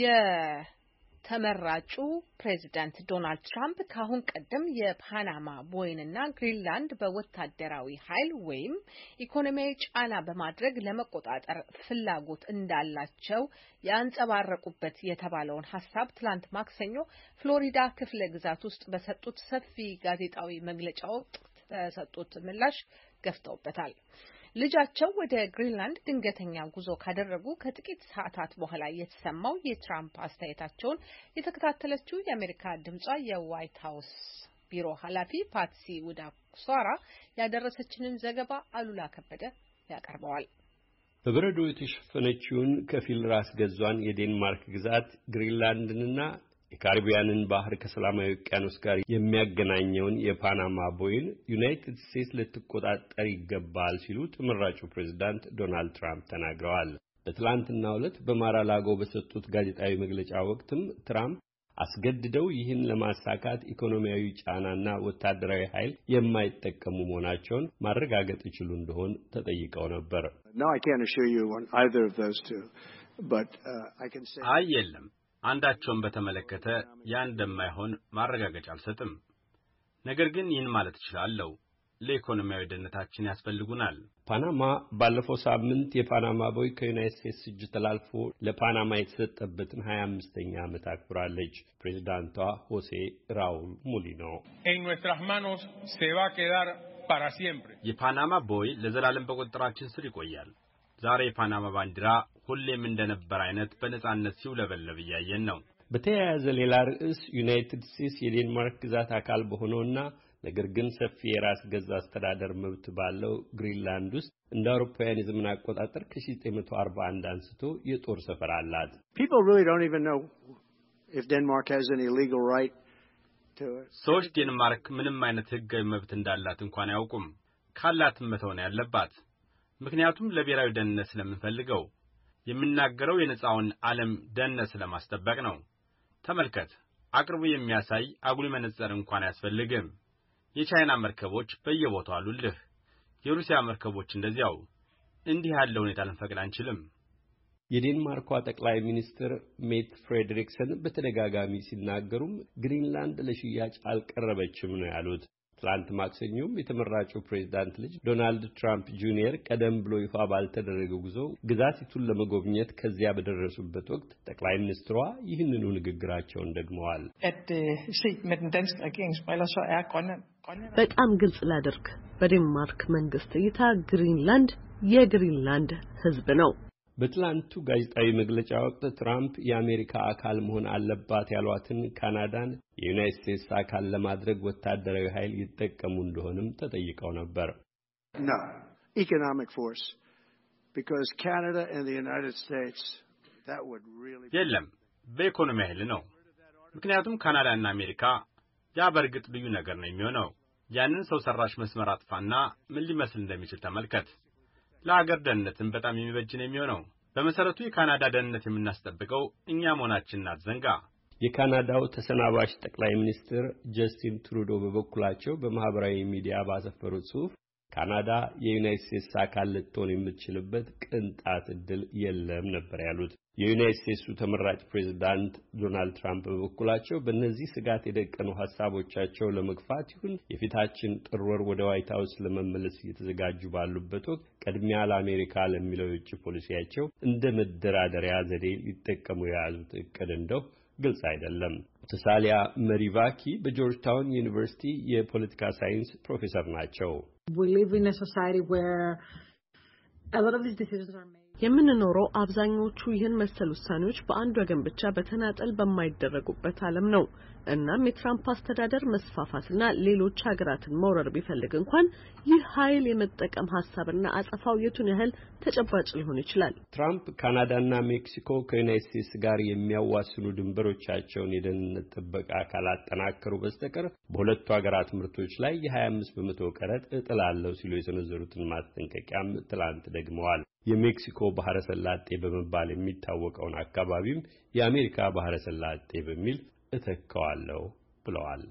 የተመራጩ ፕሬዚዳንት ዶናልድ ትራምፕ ከአሁን ቀደም የፓናማ ቦይንና ግሪንላንድ በወታደራዊ ኃይል ወይም ኢኮኖሚያዊ ጫና በማድረግ ለመቆጣጠር ፍላጎት እንዳላቸው ያንጸባረቁበት የተባለውን ሀሳብ ትላንት ማክሰኞ ፍሎሪዳ ክፍለ ግዛት ውስጥ በሰጡት ሰፊ ጋዜጣዊ መግለጫ ወቅት በሰጡት ምላሽ ገፍተውበታል። ልጃቸው ወደ ግሪንላንድ ድንገተኛ ጉዞ ካደረጉ ከጥቂት ሰዓታት በኋላ የተሰማው የትራምፕ አስተያየታቸውን የተከታተለችው የአሜሪካ ድምጿ የዋይት ሀውስ ቢሮ ኃላፊ ፓትሲ ውዳሷራ ያደረሰችንን ዘገባ አሉላ ከበደ ያቀርበዋል። በበረዶ የተሸፈነችውን ከፊል ራስ ገዟን የዴንማርክ ግዛት ግሪንላንድንና የካሪቢያንን ባህር ከሰላማዊ ውቅያኖስ ጋር የሚያገናኘውን የፓናማ ቦይን ዩናይትድ ስቴትስ ልትቆጣጠር ይገባል ሲሉ ተመራጩ ፕሬዚዳንት ዶናልድ ትራምፕ ተናግረዋል። በትላንትናው ዕለት በማራላጎ በሰጡት ጋዜጣዊ መግለጫ ወቅትም ትራምፕ አስገድደው ይህን ለማሳካት ኢኮኖሚያዊ ጫናና ወታደራዊ ኃይል የማይጠቀሙ መሆናቸውን ማረጋገጥ ይችሉ እንደሆን ተጠይቀው ነበር። አይ uh, የለም አንዳቸውን በተመለከተ ያ እንደማይሆን ማረጋገጫ አልሰጥም። ነገር ግን ይህን ማለት እችላለሁ። ለኢኮኖሚያዊ ደህንነታችን ያስፈልጉናል። ፓናማ ባለፈው ሳምንት የፓናማ ቦይ ከዩናይት ስቴትስ እጅ ተላልፎ ለፓናማ የተሰጠበትን ሀያ አምስተኛ ዓመት አክብራለች። ፕሬዚዳንቷ ሆሴ ራውል ሙሊኖ የፓናማ ቦይ ለዘላለም በቁጥጥራችን ስር ይቆያል። ዛሬ የፓናማ ባንዲራ ሁሌም እንደነበር አይነት በነጻነት ሲውለበለብ እያየን ነው። በተያያዘ ሌላ ርዕስ ዩናይትድ ስቴትስ የዴንማርክ ግዛት አካል በሆነውና ነገር ግን ሰፊ የራስ ገዝ አስተዳደር መብት ባለው ግሪንላንድ ውስጥ እንደ አውሮፓውያን የዘመን አቆጣጠር ከ1941 አንስቶ የጦር ሰፈር አላት። ሰዎች ዴንማርክ ምንም አይነት ሕጋዊ መብት እንዳላት እንኳን አያውቁም። ካላትም መተው ነው ያለባት። ምክንያቱም ለብሔራዊ ደህንነት ስለምንፈልገው የምናገረው የነፃውን ዓለም ደህንነት ስለማስጠበቅ ነው። ተመልከት፣ አቅርቡ የሚያሳይ አጉሊ መነጽር እንኳን አያስፈልግም። የቻይና መርከቦች በየቦታው አሉልህ። የሩሲያ መርከቦች እንደዚያው። እንዲህ ያለ ሁኔታ ልንፈቅድ አንችልም። የዴንማርኳ ጠቅላይ ሚኒስትር ሜት ፍሬድሪክሰን በተደጋጋሚ ሲናገሩም ግሪንላንድ ለሽያጭ አልቀረበችም ነው ያሉት። ትላንት ማክሰኞም የተመራጩ ፕሬዚዳንት ልጅ ዶናልድ ትራምፕ ጁኒየር ቀደም ብሎ ይፋ ባልተደረገ ጉዞ ግዛቲቱን ለመጎብኘት ከዚያ በደረሱበት ወቅት ጠቅላይ ሚኒስትሯ ይህንኑ ንግግራቸውን ደግመዋል። uh, er በጣም ግልጽ ላድርግ፣ በዴንማርክ መንግስት እይታ ግሪንላንድ የግሪንላንድ ህዝብ ነው። በትላንቱ ጋዜጣዊ መግለጫ ወቅት ትራምፕ የአሜሪካ አካል መሆን አለባት ያሏትን ካናዳን የዩናይት ስቴትስ አካል ለማድረግ ወታደራዊ ኃይል ይጠቀሙ እንደሆንም ተጠይቀው ነበር። የለም በኢኮኖሚ ኃይል ነው። ምክንያቱም ካናዳ እና አሜሪካ ያ በእርግጥ ልዩ ነገር ነው የሚሆነው። ያንን ሰው ሰራሽ መስመር አጥፋና ምን ሊመስል እንደሚችል ተመልከት። ለአገር ደህንነትም በጣም የሚበጅ ነው የሚሆነው። በመሰረቱ የካናዳ ደህንነት የምናስጠብቀው እኛ መሆናችንን አትዘንጋ። የካናዳው ተሰናባሽ ጠቅላይ ሚኒስትር ጀስቲን ትሩዶ በበኩላቸው በማህበራዊ ሚዲያ ባሰፈሩት ጽሑፍ ካናዳ የዩናይት ስቴትስ አካል ልትሆን የምትችልበት ቅንጣት እድል የለም ነበር ያሉት። የዩናይት ስቴትሱ ተመራጭ ፕሬዚዳንት ዶናልድ ትራምፕ በበኩላቸው በእነዚህ ስጋት የደቀኑ ሀሳቦቻቸው ለመግፋት ይሁን የፊታችን ጥር ወር ወደ ዋይት ሀውስ ለመመለስ እየተዘጋጁ ባሉበት ወቅት ቅድሚያ ለአሜሪካ ለሚለው የውጭ ፖሊሲያቸው እንደ መደራደሪያ ዘዴ ሊጠቀሙ የያዙት እቅድ እንደው ግልጽ አይደለም። ተሳሊያ መሪቫኪ በጆርጅታውን ዩኒቨርሲቲ የፖለቲካ ሳይንስ ፕሮፌሰር ናቸው። የምንኖረው አብዛኞቹ ይህን መሰል ውሳኔዎች በአንድ ወገን ብቻ በተናጠል በማይደረጉበት ዓለም ነው። እናም የትራምፕ አስተዳደር መስፋፋትና ሌሎች ሀገራትን መውረር ቢፈልግ እንኳን ይህ ኃይል የመጠቀም ሀሳብና አጸፋው የቱን ያህል ተጨባጭ ሊሆን ይችላል? ትራምፕ ካናዳና ሜክሲኮ ከዩናይት ስቴትስ ጋር የሚያዋስኑ ድንበሮቻቸውን የደህንነት ጥበቃ ካላጠናከሩ በስተቀር በሁለቱ ሀገራት ምርቶች ላይ የ25 በመቶ ቀረጥ እጥላለሁ ሲሉ የሰነዘሩትን ማስጠንቀቂያም ትላንት ደግመዋል። የሜክሲኮ ባህረ ሰላጤ በመባል የሚታወቀውን አካባቢም የአሜሪካ ባህረ ሰላጤ በሚል እተካዋለሁ ብለዋል።